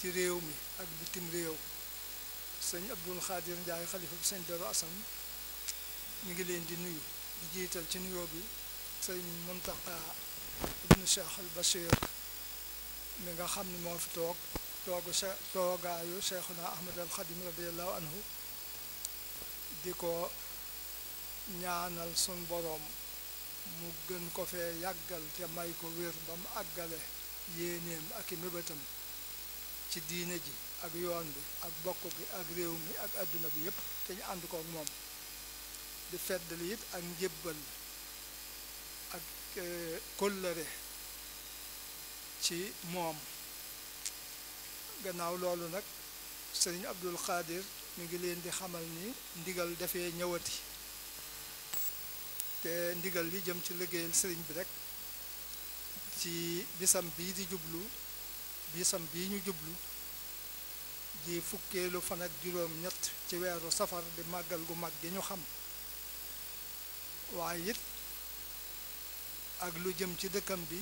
ci réew mi ak bitim réew sëñ Abdul Xaadir Njaay xalifa bi sëñ dara Asan mi ngi leen di nuyu di jiital ci nuyoo bi sëñ Muntaxa ibnu Cheikh al bashir mi nga xam ne moo fi toog toogu che toogaayu Cheikhuna Ahmad al Xadim radiallahu anhu di ko ñaanal sun borom mu gën ko fee yàggal te may ko wér ba mu àggale yéenéem ak i mébétam ci diine ji ak yoon bi ak bokk bi ak réew mi ak àdduna bi yépp te ñu ànd moom di feddali it ak njébbal ak eh, kóllëre ci moom gannaaw loolu nag sëriñ Abdul Xaadir mi ngi leen di xamal ni ndigal dafee ñëwati te ndigal li jëm ci liggéeyal sëriñ bi rek ci bisam bii di jublu bisam bii ñu jublu di fukkeelu fan ak juróom ñett ci weeru safar di màggal gu mag gi ñu xam waaye it ak lu jëm ci dëkkam bi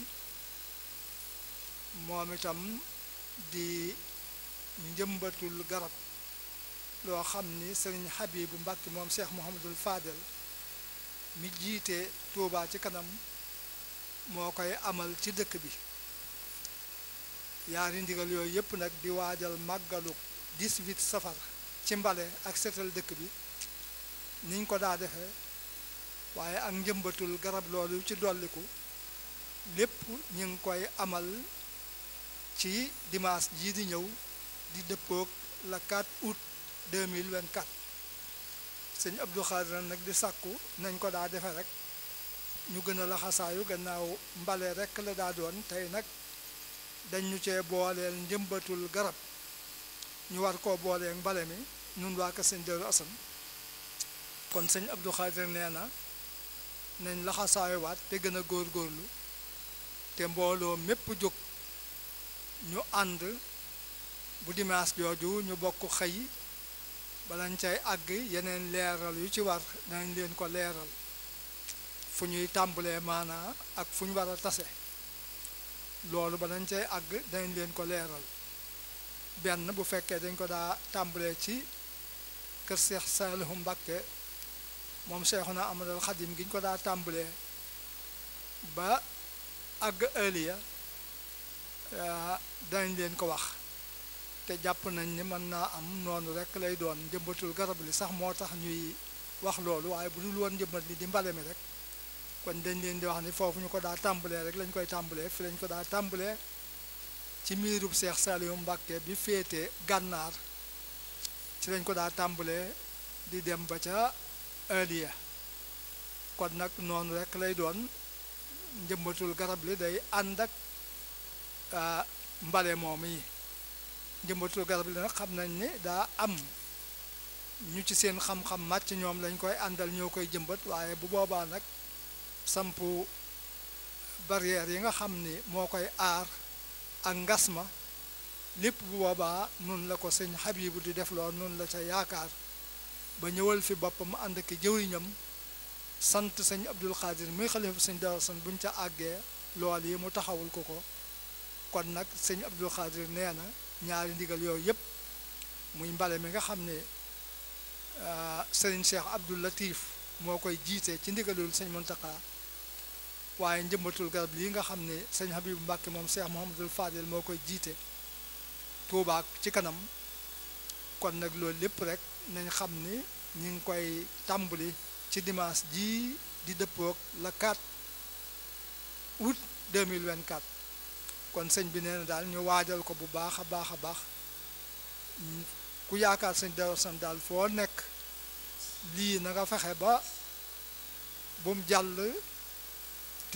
moom itam di njëmbatul garab loo xam ni sëriñ Habibu Mbàkke moom Cheikh Mouhamadul Fadel mi jiite Tuubaa ci kanam moo koy amal ci dëkk bi yaari ndigal yooyu yëpp nag di waajal màggalu 18 safar ci mbale ak setal dëkk bi niñ ko daa defee waaye ak njëmbatul garab loolu ci dolliku lépp ñu ngi koy amal ci dimaas jii di ñëw di dëppoog la 4 août 2024 sëñ Abdou Khadre nag di sàkku nañ ko daa defee rek ñu gën a laxasaayu gannaaw mbale rek la daa doon tey nag dañu cee booleel njëmbatul garab ñu war koo boolee mbale mi ñun waa ka sëñ Daaru Asan kon sëñ Abdou Khadir nee na nañ waat te gën a góorgóorlu te mbooloo mépp jóg ñu ànd bu dimaas jooju ñu bokk xëy balañ cay àgg yeneen leeral yu ci war danañ leen ko leeral fu ñuy tàmbalee maanaa ak fu ñu war a tase loolu ba dañ cay àgg dañ leen ko leeral benn bu fekkee dañ ko daa tàmbalee ci kër seex saalihu mbàkke moom na amadal xadim gi ñu ko daa tàmbalee ba àgg ëliya eh, dañ leen ko wax te jàpp nañ ni mën naa am noonu rek lay doon njëmbatul garab li sax moo tax ñuy wax loolu waaye bu dul woon njëmbat li di mbale mi rek kon dañ leen di wax ni foofu ñu ko daa tàmbalee rek lañ koy tàmbalee fi lañ ko daa tàmbalee ci miirub Seex Saliou Mbàkke bi féete gànnaar ci lañ ko daa tàmbalee di dem ba ca aliya kon nag noonu rek lay doon njëmbatul garab li day ànd ak mbale moom yi njëmbatul garab li nag xam nañ ni daa am ñu ci seen xam-xam màcc ñoom lañ koy àndal ñoo koy jëmbat waaye bu boobaa nag samp barrière yi nga xam ni moo koy aar ak ngas ma lépp bu boobaa nun la ko sëñ Habibu di def lool nun la ca yaakaar ba ñëwal fi boppam ànd ak jëwriñam sant sëñ Abdul Xaadir muy xalifa sëñ Daaru Asan buñ ca àggee lool yi mu taxawul ko ko kon nag sëñ Abdul Xaadir nee na ñaari ndigal yooyu yëpp muy mbale mi nga xam ne ah, sëriñ Cheikh Abdul Latif moo koy jiitee ci ndigalul sëñ Muntaqa waaye njëmbatul garab lii nga xam ne sëñ Habibu Mbàkke moom Cheikh Mouhamadul Fadel moo koy jiite Tuubaa ci kanam kon nag loolu lépp rek nañ xam ni ñu ngi koy tàmbali ci dimaas jii di dëppoog la 4 août 2024 kon sëñ bi nee daal ñu waajal ko bu baax a baax a baax ku yaakaar sëñ Darou Assane daal foo nekk lii na nga fexe ba bu mu jàll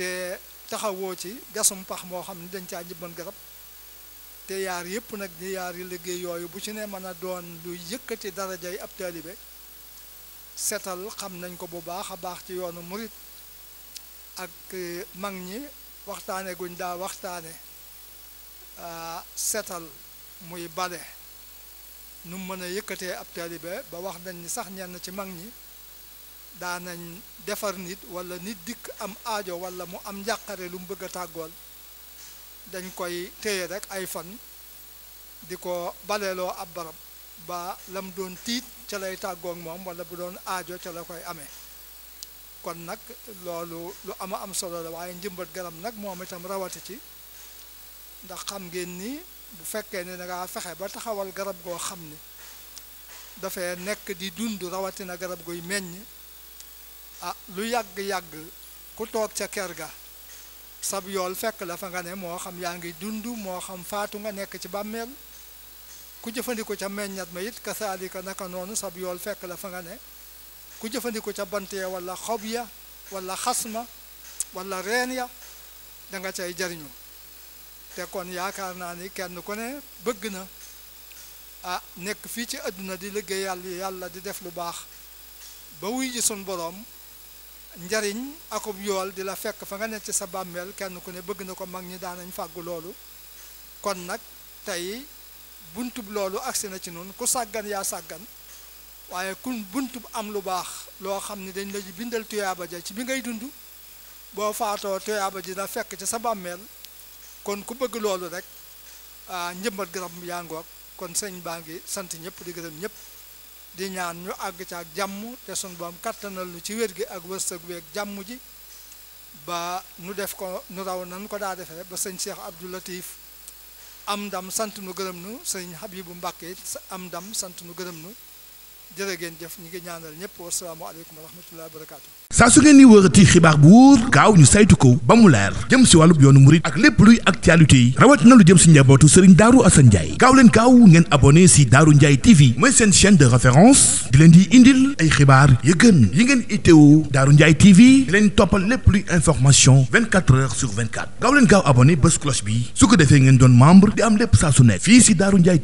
te taxawoo ci gasum pax moo xam ne dañ caa jëmban garab te yaar yëpp nag di yaari liggéey yooyu bu ci ne mën a doon lu yëkkati darajay ab taalibe setal xam nañ ko bu baax a baax ci yoonu murit ak eh, mag ñi waxtaane guñ daa waxtaane ah, setal muy bale nu mën a yëkkatee ab taalibe ba wax nañ ni sax ñenn ci mag ñi daanañ defar nit wala nit dikk am aajo wala mu am njàqare lu mu bëgg a tàggool dañ koy téye rek ay fan di ko baleeloo ab barab ba lam doon tiit ca lay tàggoog moom wala bu doon aajo ca la koy amee kon nag loolu lu ama am solo la waaye njëmbat garab nag moom itam rawati ci ndax xam ngeen ni bu fekkee ne da fexe ba taxawal garab goo xam ni dafay nekk di dund rawatina garab guy meññ ah lu yàgg-yàgg ku toog ca kër ga sab yool fekk la fa nga ne moo xam yaa ngi dund moo xam faatu nga nekk ci bàmmeel ku jëfandiku ca meññat ma it kasaalika naka noonu sab yool fekk la fa nga ne ku jëfandiku ca bant ya wala xob ya wala xasma wala reen ya da nga cay jariñu te kon yaakaar naa ni kenn kone bëgg na ah nekk fii ci àdduna di liggéey yàlla yàlla di def lu baax ba wuy ji sun boroom njariñ akub yool di fekk fa nga ne ci sa bàmmeel kenn ku ne bëgg na ko mag ñi daanañ fàggu loolu kon nag tey buntub loolu agsi na ci noonu ku sàggan yaa sàggan waaye kun buntub am lu baax loo xam ne dañ la bindal tuyaaba ja ci bi ngay dund boo faatoo tuyaaba ji na fekk ci sa bàmmeel kon ku bëgg loolu rek ah, njëmbët garab yaa ngoog kon sëñ baa ngi sant ñëpp di gërëm ñëpp di ñaan ñu àgg ca ak jàmm te sunu boom kattanal nu ci wér gi ak wërsëg week ak jàmm ji ba nu def ko nu raw nan ko daa defee ba sëñ Cheikh Abdou am ndam sant nu gërëm nu sëñ Habibu Mbàkke am ndam sant nu gërëm nu jërë ngeen jëf ñu ngi ñaanal ñëpp wasalaamualeykum wa rahmatullahi wa barakaatu. saa su ngeen di wërati xibaar bu wóor gaaw ñu saytu ko ba mu leer jëm si wàllub yoonu murit ak lépp luy actualité yi rawat na lu jëm si njabootu Serigne Darou Assane Ndiaye gaaw leen gaaw ngeen abonné si Darou Ndiaye TV mooy seen chaîne de référence di leen di indil ay xibaar yu gën yi ngeen itteewu Darou Ndiaye TV di leen toppal lépp luy information 24 heures sur 24 gaaw leen gaaw abonné bés cloche bi su ko defee ngeen doon membre di am lépp saa su ne fii si Darou Ndiaye